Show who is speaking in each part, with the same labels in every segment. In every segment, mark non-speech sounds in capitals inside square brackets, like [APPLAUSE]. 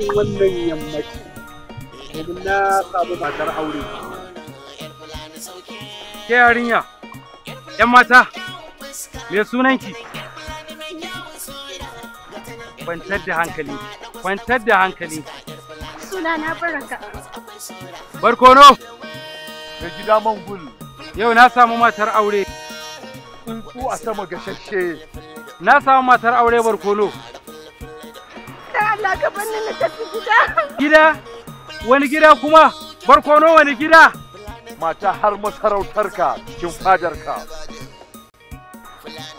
Speaker 1: cikin wannan yammaci domin na samu matar aure. Ke yarinya, ‘yan mata, me sunanki? Kwantar da hankali, kwantar da hankali.
Speaker 2: Suna na baraka.
Speaker 1: Barkono! Da gida man gul. Yau na samu matar aure. Tsuntsu a sama gashashe. Na samu matar aure barkono.
Speaker 3: Allah ka tafi gida.
Speaker 1: Gida? Wani gida kuma? Barkono wani gida? Mata har masarautarka cikin ka.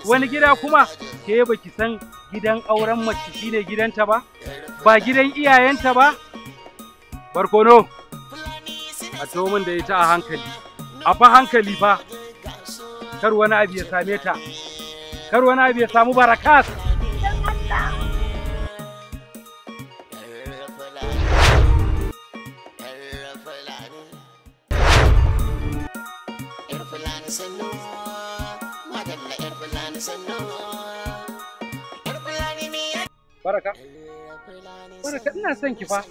Speaker 1: Wani gida kuma? Ke baki san gidan auren mace shine gidanta ba? Ba gidan iyayenta ba? Barkono, a min da ita a hankali, a fa hankali fa, kar wani abu ya same ta, kar wani abu ya samu barakas.
Speaker 3: baraka baraka ina
Speaker 1: son ki fa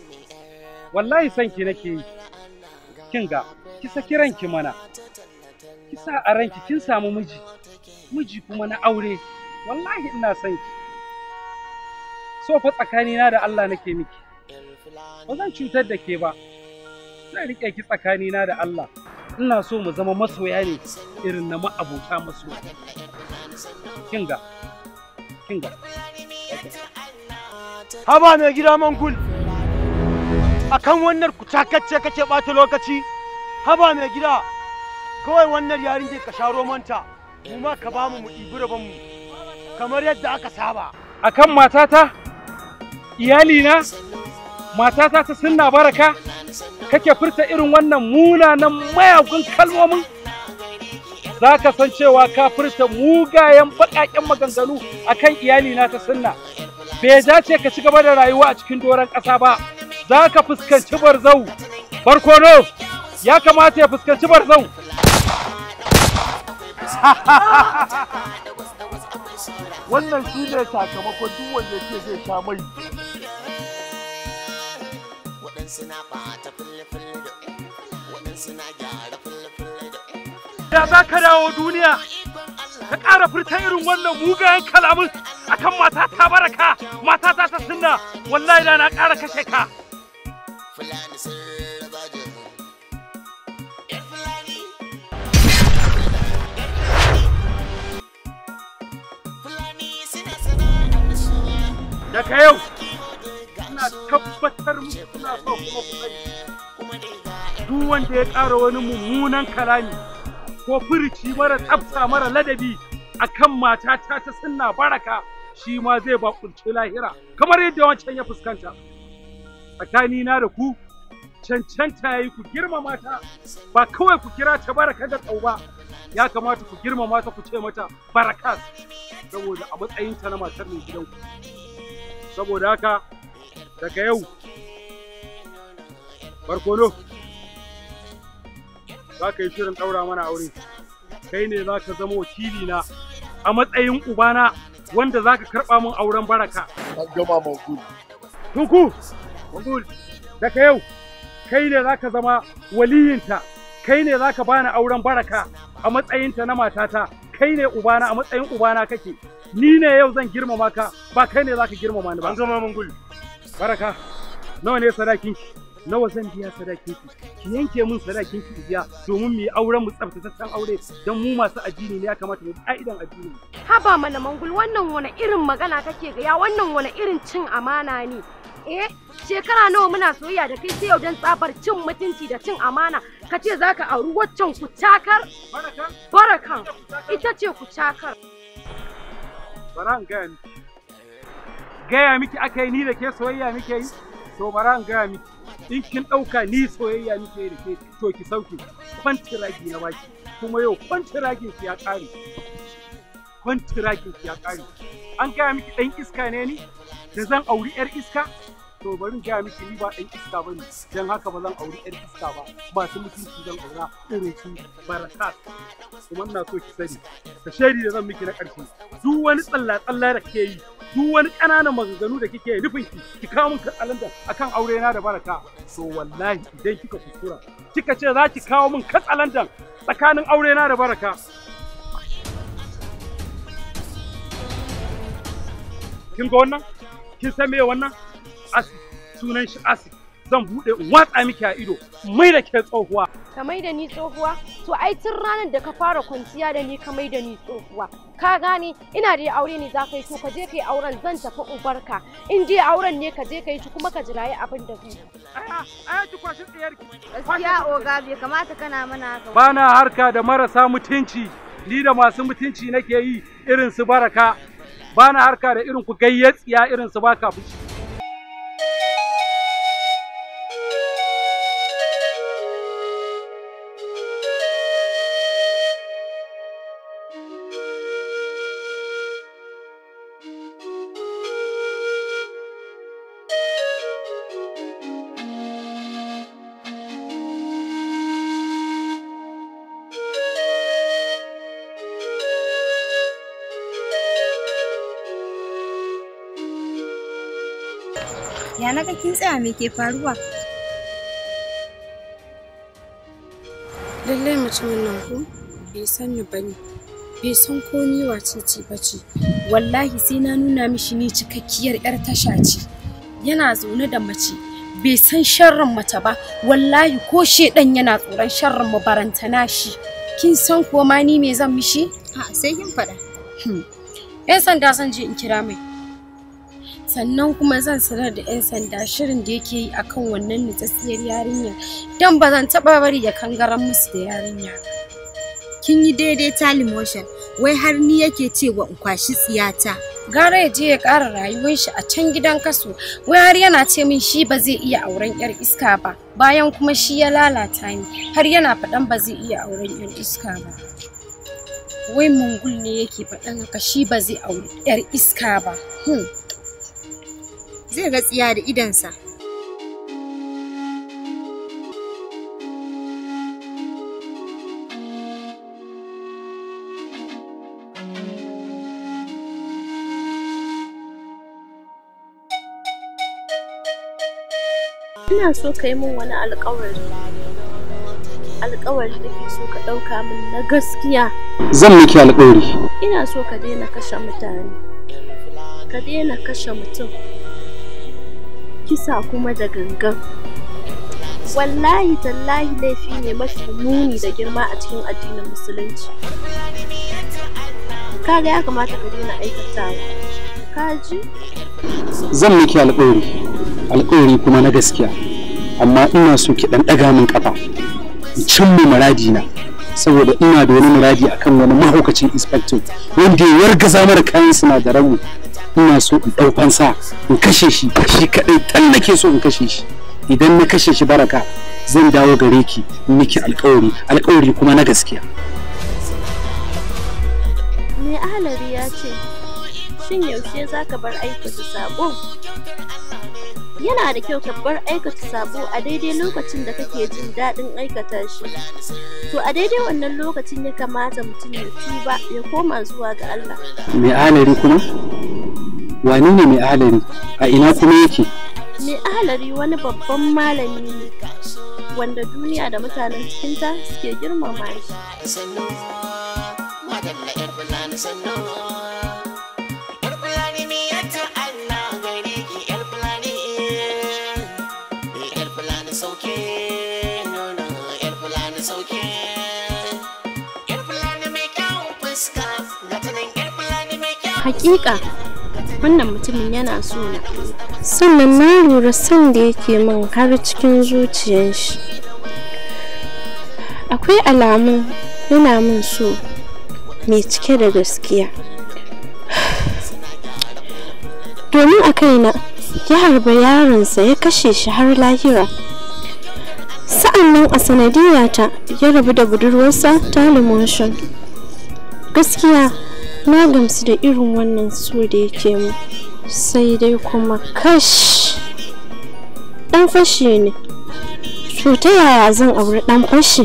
Speaker 1: wallahi son ki nake yi kin ga Kisa kiran ki mana Kisa a ranki kin samu miji miji kuma na aure wallahi ina son ki so fa tsakanina da Allah nake miki ba zan cutar da ke ba zan riƙe ki tsakanina da Allah ina so mu zama masoya ne irin na ma'abota masoya kinga
Speaker 4: kinga haba mai gida mankul kan wannan kucakacce kake bata lokaci haba mai gida kawai wannan yarin ke ka sharo manta mu ma ka ba mu mu kamar yadda aka saba
Speaker 1: A kan matata iyalina matata ta sunna baraka kake furta irin wannan munanan mayagun kalmomin za ka san cewa ka furta mugayen baƙaƙen maganganu a kan iyalina ta sunna bai dace ka ci gaba da rayuwa a cikin doron ƙasa ba za ka fuskanci barzau barkono ya kamata ya fuskanci barzau [LAUGHS] wannan shi ne sakamakon duk wanda ke zai sha mai
Speaker 3: waɗansu da gyara da da za ka dawo duniya ka ƙara furta irin wannan mugayen
Speaker 1: kalaman akan mata ta baraka mata ta ta sunna wallahi da na ƙara kashe
Speaker 3: ka fulani sun raba daga yau ina tabbatar muku suna so kuma
Speaker 1: ku duk wanda ya ƙara wani mummunan kalami ko furici mara tsafta mara ladabi akan mata ta ta sunna baraka shi ma zai bakunci lahira kamar yadda wancan ya fuskanta tsakanina da ku cancanta ya yi ku girmama ta ba kawai ku kira ta baraka da tsau ba ya kamata ku girmama ta ku ce mata barakas saboda a matsayinta na matar mai gidanku saboda haka daga yau barkono za ka yi shirin ɗaura mana aure kai ne za ka zama wakili na a matsayin ubana wanda za ka karɓa min auren baraka an gama mangul tuku mangul daga yau kai ne za ka zama waliyinta kai ne za ka bani auren baraka a matsayinta na matata kai ne ubana a matsayin ubana kake ni ne yau zan girmama ka ba kai ne za ka girmama ni ba an gama mangul baraka nawa ne sadakin shi? nawa zan biya sadakin shi? ki yanke mun sadakin shi biya domin mu yi auren mu tsaftataccen aure don mu masu addini ne ya kamata mu ka'idan addini
Speaker 2: haba mana mangul wannan wani irin magana kake ga ya wannan wani irin cin amana ne eh shekara nawa muna soyayya da kai sai yau don tsabar cin mutunci da cin amana ka ce za ka auri waccan kucakar barakan ita ce kucakar
Speaker 1: bara in gaya gaya miki aka yi ni da ke soyayya muke yi to bara in gaya miki in kin ɗauka ni soyayya muke yi da ke to ki sauke ragi na baki kuma yau ragi ki ya ƙare ragi ki ya ƙare an gaya miki ɗan iska ne ni da zan auri 'yar iska to bari gaya miki ni ba ɗan iska bane, ne don haka ba zan auri ɗan iska ba masu mutunci zan aura irin su baraka kuma ina so ki sani ka shaidi da zan miki na ƙarshe duk wani tsalla-tsalla da ke yi duk wani ƙananan maganganu da kike nufin ki ki kawo min katsalandan akan aure na da baraka so wallahi idan kika kuskura kika ce za ki kawo min katsalandan tsakanin aure na da baraka kin ga wannan kin san me wannan asif sunan shi asif zan bude watsa miki a ido mai da ke tsohuwa
Speaker 2: ka mai da ni tsohuwa to ai tun ranar da ka fara kwanciya da ni ka mai da ni tsohuwa ka gane ina da aure ne za ka yi to ka je ka yi auren zan tafi ubarka in je auren ne ka je ka yi shi kuma ka jirayi abin da zai a ji kwashin tsayar ki gaskiya oga bai kamata kana mana haka ba
Speaker 1: na harka da marasa mutunci ni da masu mutunci nake yi irin su baraka ba na harka da irin ku gayyatsiya irin su baka fushi
Speaker 2: Ya na ga kin tsaya me ke faruwa? Lallai mutumin nan ku bai san ni bane. Bai san ko ni wace ce bace. Wallahi sai na nuna mishi ni cikakkiyar yar tasha ce. Yana zaune da mace bai san sharrin mata ba wallahi ko shedan yana tsoron sharrin mabarantana shi kin san kuwa ma ni me zan mishi a sai kin faɗa
Speaker 5: yan
Speaker 2: hmm. sanda san je in kira mai sannan kuma zan sanar da 'yan sanda shirin da yake yi a kan wannan nutsatsiyar yarinyar don ba zan taɓa bari ya kangaran musu da yarinya kin yi daidai tali motion wai har ni yake ce wa kwashi tsiyata gara ya je ya ƙara rayuwar shi a can gidan kaso wai har yana ce min shi ba zai iya auren yar iska ba bayan kuma shi ya lalata ni har yana faɗan ba zai iya auren yar iska ba wai mungul ne yake faɗan haka shi ba zai auri yar iska ba hmm. zai ga tsiya da sa.
Speaker 5: ina so ka yi min wani alkawari alkawari da ke so ka ɗauka min na gaskiya zan miki alkawari ina so ka daina kashe mutane ka daina kashe mutum kisa kuma da gangan wallahi tallahi laifi ne mafi muni da girma a cikin addinin musulunci kaga ya kamata ka daina aikatawa kaji
Speaker 1: zan miki alƙawari alƙawari kuma na gaskiya amma ina so ki dan ɗaga min kafa in cimma muradi na saboda ina da wani muradi akan wani mahaukacin inspector wanda ya wargaza mara kayan sinadaran mu ina so in ɗau fansa in kashe shi shi kaɗai dan nake so in kashe shi idan na kashe shi baraka zan dawo gare ki miki alƙawari alƙawari kuma na gaskiya
Speaker 5: mai ahalari ya ce shin yaushe za ka bar aikata sabo yana da kyau ka bar aikata sabo a daidai lokacin da kake jin daɗin aikata shi to a daidai wannan lokacin ya kamata mutum ya tuba ya koma zuwa ga Allah mai ahalari
Speaker 1: kuma wani ne mai ahalari a ina kuma yake
Speaker 5: mai ahalari wani babban malami ne wanda duniya da mutanen cikinta suke girmama
Speaker 3: shi
Speaker 5: Hakika wannan mutumin yana so na sannan na lura son da yake min har cikin zuciyar shi akwai alamun yana min so mai cike da gaskiya domin a kaina ya harba yaronsa ya kashe shi har lahira sa'annan a sanadiyata ya rabu da budurwarsa ta limonshin gaskiya na gamsu da irin wannan so da yake mu sai dai kuma kash ɗan fashe ne to ta yaya zan auri ɗan fashe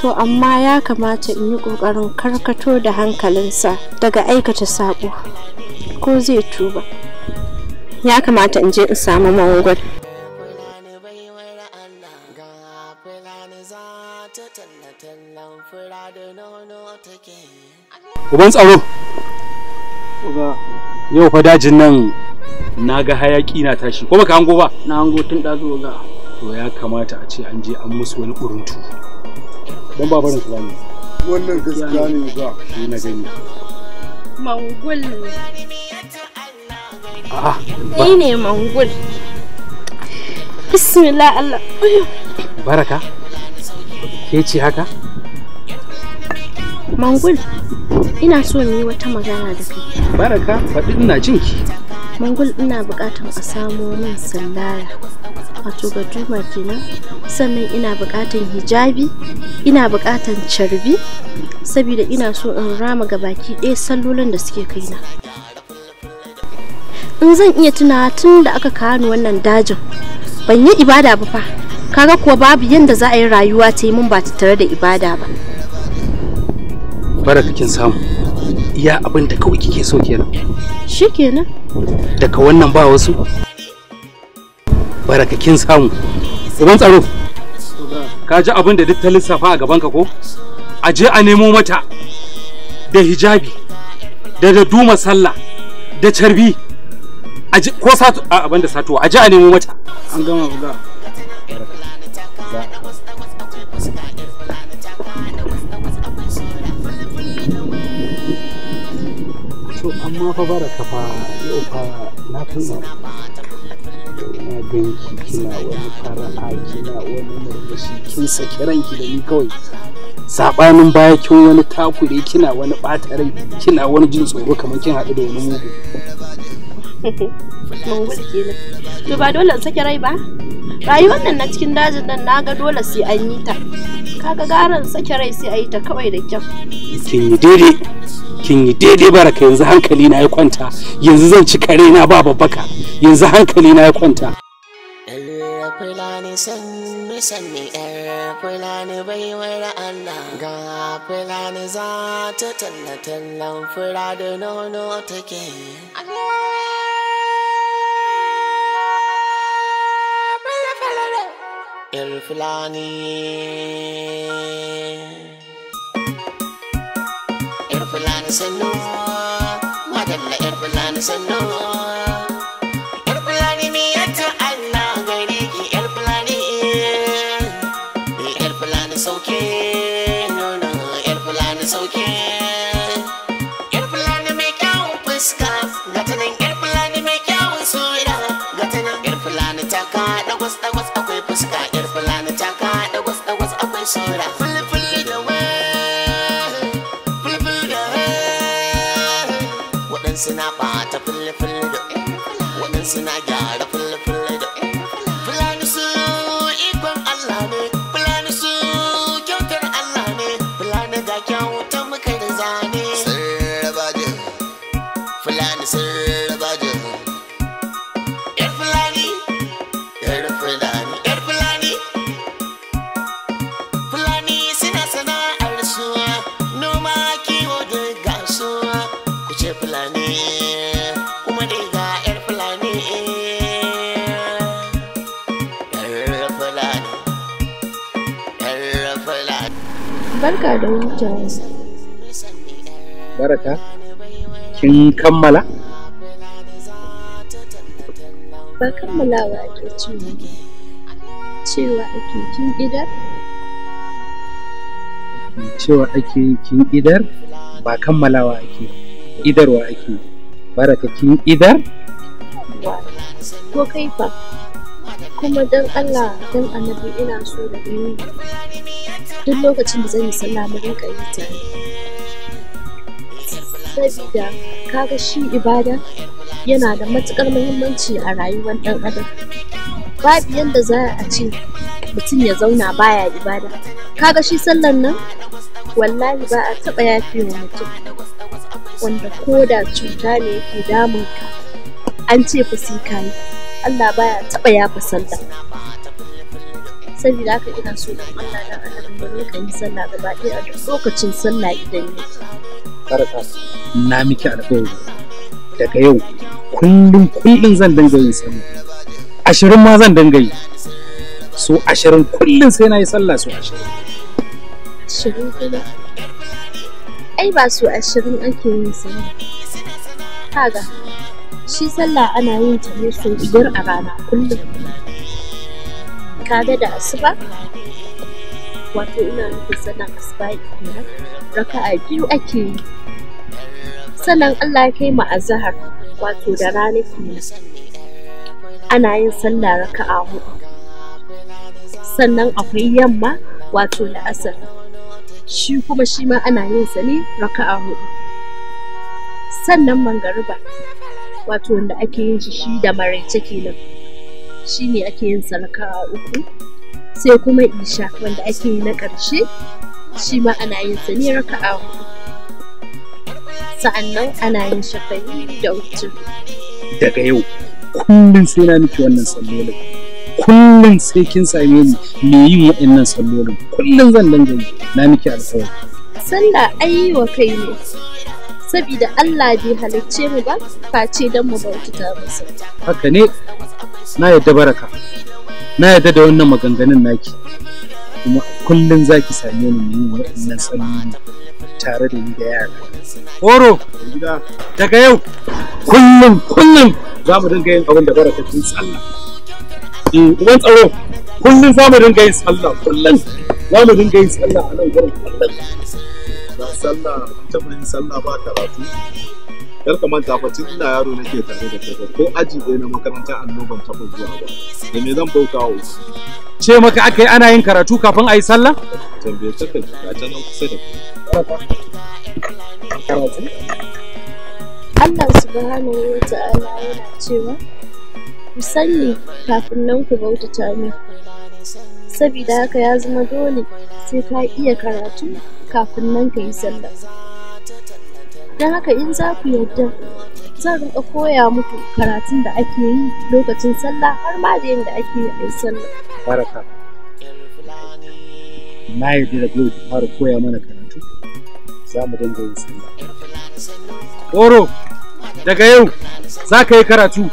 Speaker 5: to amma ya kamata in yi ƙoƙarin karkato da hankalinsa daga aikata saƙo ko zai tuba ya kamata in je in samu mangwal
Speaker 1: Uban tsaro! yau fa dajin nan na ga hayaki na tashi ko baka hango ba na hango tun ɗazu ga to ya kamata a ce an je an musu wani kuruntu don ba barin su
Speaker 5: wannan gaskiya ne ga shi na gani mangul ah ni ne mangul bismillah Allah
Speaker 1: baraka ke ce haka
Speaker 5: Mangul, ina so mu yi wata magana da kai.
Speaker 1: Baraka, faɗi ina jin ki.
Speaker 5: Mangul ina buƙatar a samo min sallaya. Wato ga duma kenan. Sannan ina buƙatar hijabi, ina buƙatar carbi, saboda ina so in rama ga baki ɗaya sallolin da suke kaina. In zan iya tunawa tun da aka kawo wannan dajin, ban yi ibada ba fa. Kaga kuwa babu yadda za a yi rayuwa ta yi mun ba tare da ibada ba.
Speaker 1: baraka kin samu iya abin da kawai kike so kenan shikenan daga wannan ba wasu baraka kin samu uban tsaro ka ji abin da duk ta lissafa a gabanka ko a je a nemo mata da hijabi da da duma sallah da carbi ko satu a abin da satuwa a je a nemo mata an gama buga amma fa da kafa yau fa na tuna na ganki kina wani fara'a kina wani murmushi kin saki ranki da ni kawai sabanin baya kin wani takure kina wani ɓata rai kina wani jin tsoro kamar kin haɗu da wani
Speaker 5: mugu [LAUGHS] mongol kenan to ba dole in sake rai ba
Speaker 3: rayuwar nan na
Speaker 5: cikin dajin nan na ga dole sai an yi ta kaga garan sake rai sai a yi ta kawai da kyau
Speaker 1: kin yi daidai kin yi daidai baraka yanzu hankali ya zan ci kare na ba babbaka yanzu hankali na ya kwanta Fulani sanni sanni
Speaker 3: ‘yar Fulani baiwar Allah ga Fulani za ta tallatallan fura da nono take. ‘Yar Fulani. sannu madalla yar fulani sannu
Speaker 2: Barka da
Speaker 5: hutawa. Baraka,
Speaker 1: kin kammala?
Speaker 5: Ba kammalawa ake cewa cewa ake kin idar?
Speaker 1: Cewa ake kin idar ba kammalawa ake idarwa ake baraka kin idar?
Speaker 5: Ko kai fa kuma don Allah don annabi ina so da gani duk lokacin da zan yi sallah mu
Speaker 2: rinka yi tare
Speaker 5: sabida kaga shi ibada yana da matukar muhimmanci a rayuwar dan adam babu yadda za a ce mutum ya zauna baya ibada kaga shi sallan nan wallahi ba a taɓa yafewa mutum wanda ko da cuta ne yake damun ka an ce fa sai kai Allah baya taba yafa sallah saboda haka ina so da Allah dan annabi da ne kan sallah gaba ɗaya a lokacin sallah idan ne
Speaker 1: karaka
Speaker 3: na miki alƙawari
Speaker 1: daga yau kullum kullum zan dinga yin sallah ashirin ma zan dinga yi so ashirin kullum sai na yi sallah so ashirin
Speaker 5: ashirin kullum ai ba so ashirin ake yin sallah kaga shi sallah ana yin ta ne so biyar a rana kullum kaga da asuba wato ina nufin sallan asuba raka a biyu ake yi sannan Allah ya kai mu wato da rana kenan ana yin sallah a hudu sannan akwai yamma wato la'asar shi kuma shi ma ana yin sa ne a hudu sannan mangariba wato wanda ake yin shi da maraice kenan ne ake yin salka a uku sai kuma isha wanda ake yi na ƙarshe shi ma ana yin sa ne a hudu sa'annan ana yin shafa'i da wuce
Speaker 4: daga yau
Speaker 1: kullum sai na miki wannan sallolin kullum sai kin same ni me yin waɗannan sallolin kullum zan danga yi na miki alƙawari
Speaker 5: sallah ai wa kai ne saboda Allah bai halicce mu ba face don mu bauta masa
Speaker 1: haka ne na yadda baraka na yadda da wannan maganganun naki kuma kullum za ki same ni mu yi waɗannan tsanani tare da ni da
Speaker 5: yara horo
Speaker 1: daga yau kullum kullum za mu dinga yin abin da baraka tun sallah uban eh, tsaro kullum za mu dinga yin sallah kullum za mu dinga yin sallah a nan gurin kullum ba sallah ta sallah ba karatu yar ka manta fa tun ina yaro nake tare da kai ko aji ɗaya na makaranta annoban taɓa zuwa ba da me zan bauta wa wasu ce maka aka yi ana yin karatu kafin a yi sallah
Speaker 3: tambaye ta kai ga ta nan kusa
Speaker 1: da kai
Speaker 5: karatu
Speaker 2: Allah subhanahu
Speaker 5: wa ta'ala yana cewa ku sanni kafin nan ku bautata ne sabida haka ya zama dole sai ka iya karatu kafin nan ka yi sallah don haka in za ku yarda zan rinka koya muku karatun da ake yi lokacin sallah har ma da yadda ake yi a sallah
Speaker 1: baraka na yi da gobe fara koya mana karatu za mu dinga yin sallah Doro, daga yau za ka yi karatu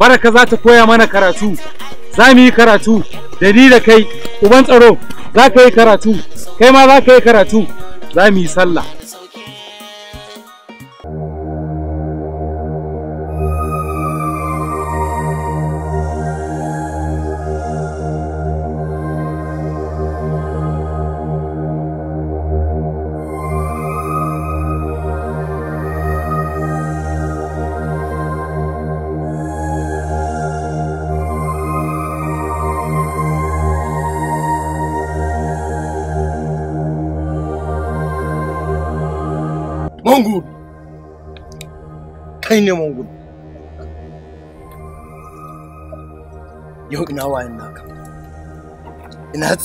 Speaker 1: baraka za ta koya mana karatu za mu yi karatu da ni da kai uban tsaro za ka yi karatu kai ma za ka yi karatu za mu yi sallah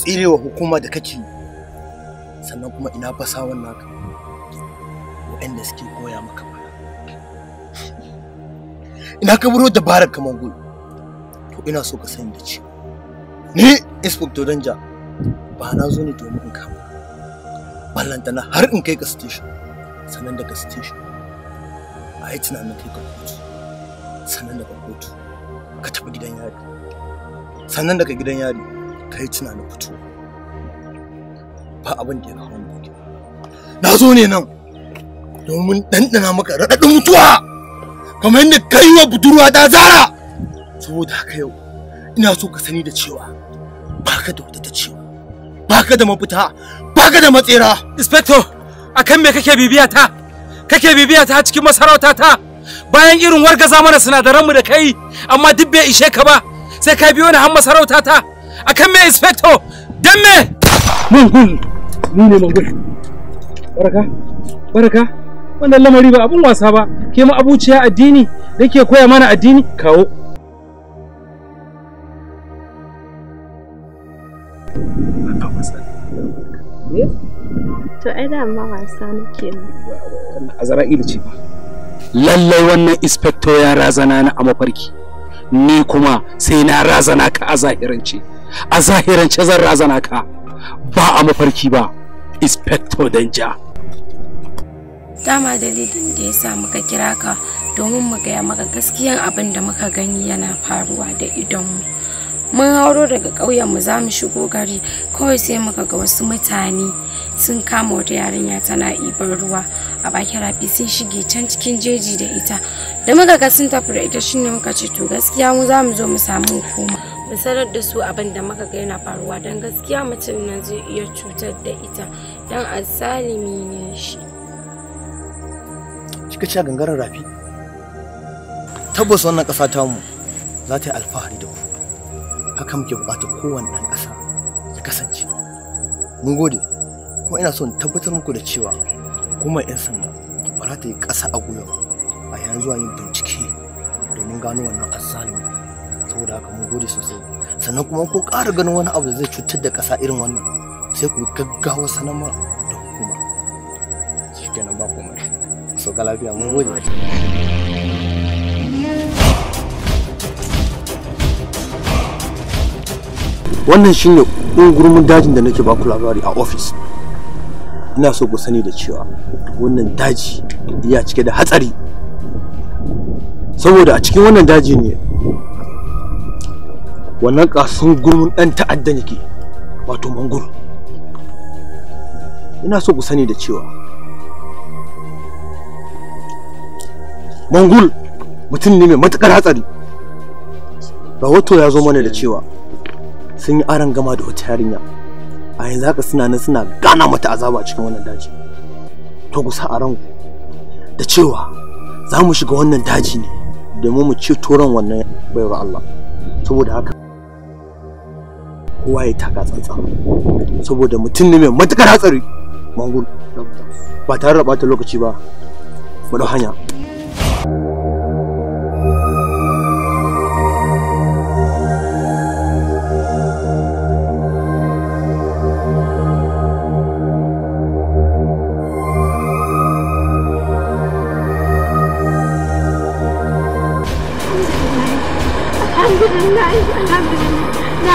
Speaker 4: tsirewa hukuma da kake sannan kuma ina fasa wannan waɗanda suke koya maka ba ina ka buro dabarar kamar gudu to ina so ka sani da ce ni inspector danja ba na zo ne domin in kama na har in kai ka station sannan daga station a yi tunanin kai ka kotu sannan daga kotu ka tafi gidan yari sannan daga gidan yari ka yi tunanin fito ba abin da ya kawo ni na zo ne nan domin ɗanɗana maka raɗaɗin mutuwa kamar yadda ka yi wa budurwa ta zara saboda haka yau ina so ka sani da cewa baka da wata ta cewa baka da mafita baka da matsera inspector
Speaker 1: akan me kake bibiya ta kake bibiya ta cikin masarauta ta bayan irin wargaza mana sinadaranmu da kai amma duk bai ishe ka ba sai ka biyo ni har masarauta ta akan me inspector dan me gun ni ne gun baraka baraka wannan lamari ba abun wasa ba ke mu abuciya addini da ke koya mana addini kawo eh?
Speaker 5: To ai amma wasa nake
Speaker 1: A Azra'ila ce ba. Lallai wannan inspector ya razana na a mafarki. Ni kuma sai na razana ka a zahirance. a zahirance zan razana ka ba a mafarki ba inspector danja
Speaker 2: dama dalilin da ya sa muka kira ka domin mu gaya maka gaskiyan abin da muka gani yana faruwa da idonmu mun hauro daga ƙauyenmu za mu shigo gari kawai sai muka ga wasu mutane sun kama wata yarinya tana ibar ruwa a bakin rafi sun shige can cikin jeji da ita da muka ga sun tafi ita shine muka ce to gaskiya mu za mu zo mu samu hukuma mu sanar da su abin da muka ga yana faruwa don gaskiya mutum na zai iya cutar da ita don azalimi ne shi
Speaker 4: kika ci gangaren rafi tabbas wannan ƙasa tamu za ta yi alfahari da ku haka muke buƙatar kowane ɗan ƙasa ya kasance mun gode kuma ina son tabbatar muku da cewa kuma 'yan sanda ba za ta yi ƙasa a gwiwa ba a yanzu yin bincike domin gano wannan azzalumi saboda haka mun gode sosai sannan kuma ko ƙara ganin wani abu da zai cutar da ƙasa irin wannan sai ku gaggawa sanarwa da hukuma shi kenan ba so ka lafiya mun gode wannan shine ungurumin dajin da nake baku labari a ofis ina so ku sani da cewa wannan daji ya cike da hatsari saboda a cikin wannan daji ne wannan kasun gurmun dan ta'adda yake wato mangur ina so ku sani da cewa mangul mutum ne mai matukar hatsari rahoto ya zo mana da cewa sun yi aron gama da wata yarinya a yanzu haka suna nan suna gana mata azaba cikin wannan daji to ku sa a da cewa za mu shiga wannan daji ne domin mu ceto ran wannan baiwa Allah saboda haka kowa ya taka tsantsa saboda mutum ne mai matukar hatsari mangun ba tare da bata lokaci ba mu hanya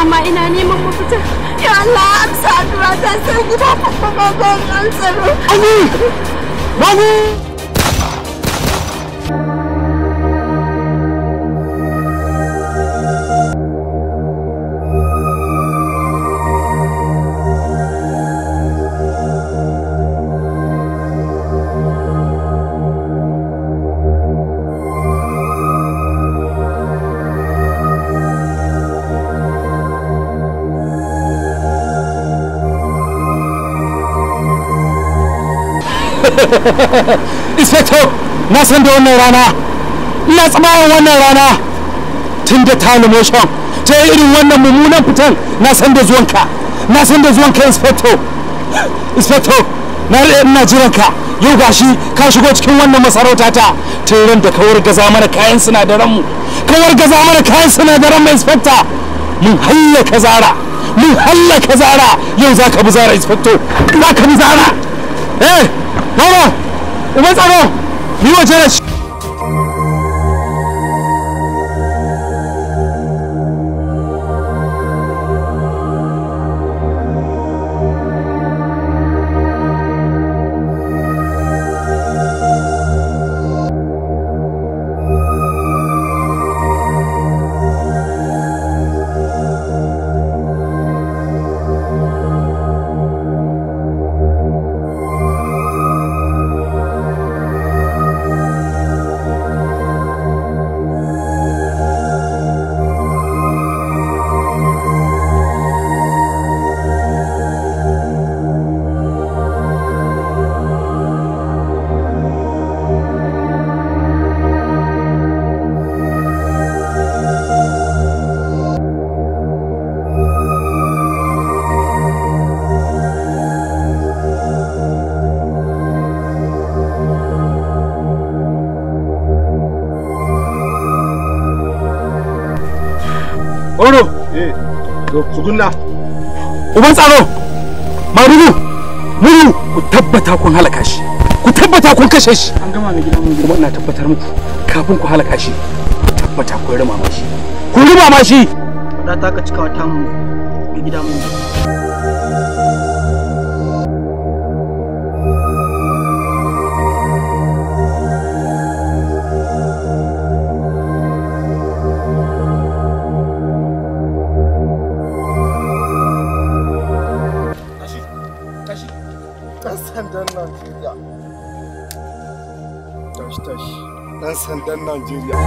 Speaker 5: Mama Ina ni memutuskan. Ya Allah, aku sangat rasa sungguh bapak pengobongan seru.
Speaker 3: Ani! Bangun!
Speaker 1: [LAUGHS] inspector na san da wannan rana ina tsamayin wannan rana tun da ta motion ta yi irin wannan mummunan fitan na san da zuwanka na san da zuwanka inspector inspector na ina jiran ka yau gashi ka shigo cikin wannan masarauta ta tun da kawar gaza mana kayan sinadaran mu kawar gaza mana kayan sinadaran mu inspector mun hayyaka zara mun hallaka zara yau za ka bi zara inspector za ka bi zara eh 나가! 오만 싸워! 이거 제가 tukunna uban tsaro marubu muru ku tabbata kun halaka shi ku tabbata kun kashe shi an gama mai gidan mu ina tabbatar muku kafin ku halaka shi
Speaker 4: ku tabbata kun rima mashi
Speaker 1: kun rima mashi
Speaker 4: da ka cika wata mu gidan mu Nigeria.